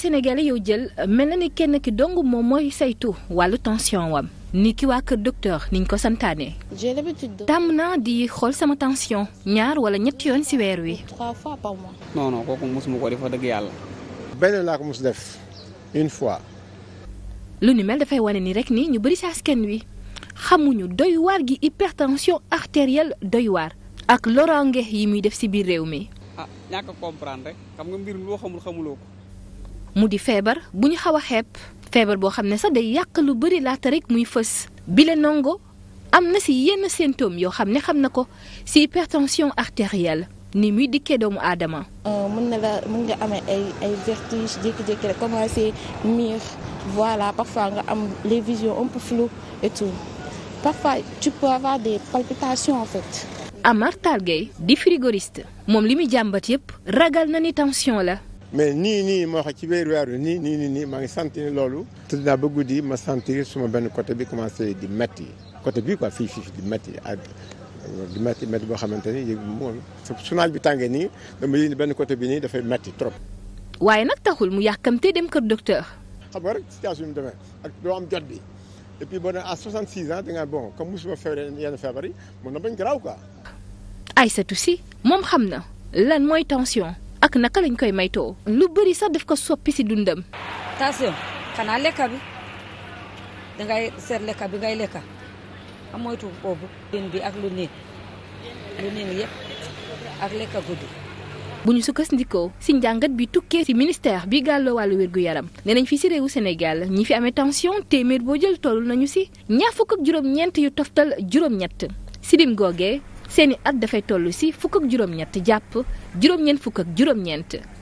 sénégalais yow jël mel na ni kenn ki dong moom mooy saytu wàllu tension wam ni ki waa kër docteur niñ ko santaane. tàmm naa di xool sama tension ñaar wala ñetti yoon ci weer wi. trois kooku mosuma ko def dëgg yàlla. benn laa ko mos def une fois. lu ni mel dafay wane ni rek ni ñu bëri ci askan wi xamuñu doy waar gi hypertension artérielle doy waar ak loraange yi muy def ci biir réew mi. ah ñàkk xam nga mbir xamuloo ko. mu di feebar bu ñu xaw a xeeb feebar boo xam ne sax day yàq lu bëri laata rek muy fës bile ndongo am na si yenn symptômes yoo xam ne xam na ko si hypertension artérielle ni muy dikkee doomu aadama. Euh, mën na la nga amee ay ay vertiges jékki-jékki la commencé miir voilà parfois nga am les visions un peu floues et tout parfois tu avoir des palpitations en fait. Amar Talgay di frigoriste moom li muy jàmbat yëpp ragal na ni tension la. mais nii nii moo xam ci weer weeru nii nii nii nii maa ngi sant loolu tëdd naa ba guddi ma sentir suma benn côté bi commencé di metti côté bi quoi fii fii di metti ak di metti boo xamante ni yëg moom su naaj bi tàngee nii dama yéen benn côté bi nii dafay metti trop waaye nag taxul mu yàkkamte dem kër docteur xam nga rek situation bi mu demee ak doo am jot bi et puis boo nee à 66 ans da nga bon comme mosuma feebaree yenn feebar yi mun na bañ garaaw quoi Aïssatou Sy moom xam na lan mooy tension ak naka lañ koy maytoo lu bari sax daf ko soppi si dundam. tension xanaa lekka bi dangay seet lekka bi ngay lekka am moytu boobu. jën bi ak lu niin lu niin yëpp ak lekka guddi. bu ñu sukkandikoo si njàngat bi tukkee si ministère bi gàlloo wàllu wérgu yaram nee nañ fii si réewu Sénégal ñi fi amee tension téeméer boo jël toll nañu si ñaar fukk ak juróom-ñeent yu toftal juróom-ñett si lim seeni at dafay tollu si fukk ak juróom-ñett jàpp juróom-ñeent fukk ak juróom-ñeent.